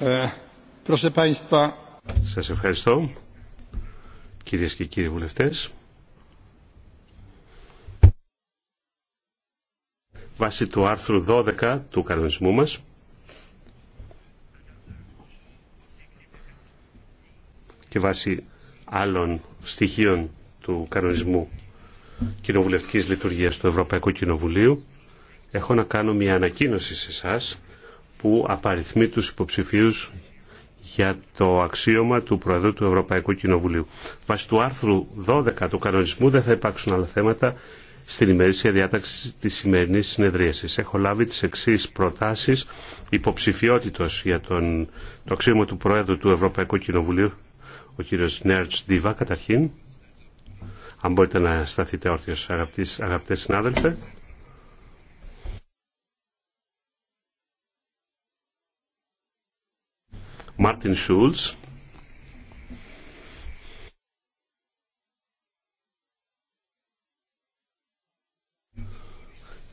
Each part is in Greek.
Ε, Σας ευχαριστώ, κυρίες και κύριοι βουλευτές. Βάσει του άρθρου 12 του κανονισμού μας, και βάσει άλλων στοιχείων του κανονισμού κοινοβουλευτικής λειτουργίας του Ευρωπαϊκού Κοινοβουλίου, έχω να κάνω μια ανακοίνωση σε εσάς που απαριθμεί τους υποψηφίους για το αξίωμα του Προεδρού του Ευρωπαϊκού Κοινοβουλίου. Βάσει του άρθρου 12 του κανονισμού δεν θα υπάρξουν άλλα θέματα στην ημερήσια διάταξη της σημερινής συνεδρίασης. Έχω λάβει τις εξής προτάσεις υποψηφιότητος για τον, το αξίωμα του Προέδρου του Ευρωπαϊκού Κοινοβουλίου, ο κύριος Νέρτς Ντίβα, καταρχήν. Αν μπορείτε να σταθείτε όρθιος αγαπητές συνάδελφε. Μάρτιν Σούλτς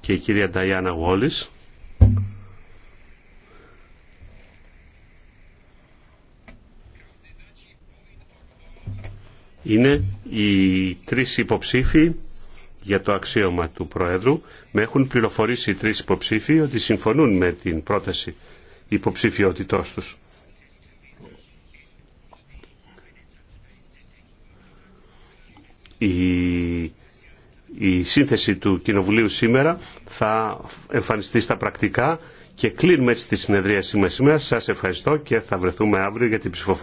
και η κυρία Νταϊάννα Γόλης είναι οι τρεις υποψήφοι για το αξίωμα του Προέδρου. Με έχουν πληροφορήσει οι τρεις υποψήφοι ότι συμφωνούν με την πρόταση υποψηφιότητός τους. η, η σύνθεση του Κοινοβουλίου σήμερα θα εμφανιστεί στα πρακτικά και κλείνουμε έτσι τη συνεδρίασή μας σήμερα. Σας ευχαριστώ και θα βρεθούμε αύριο για την ψηφοφορία.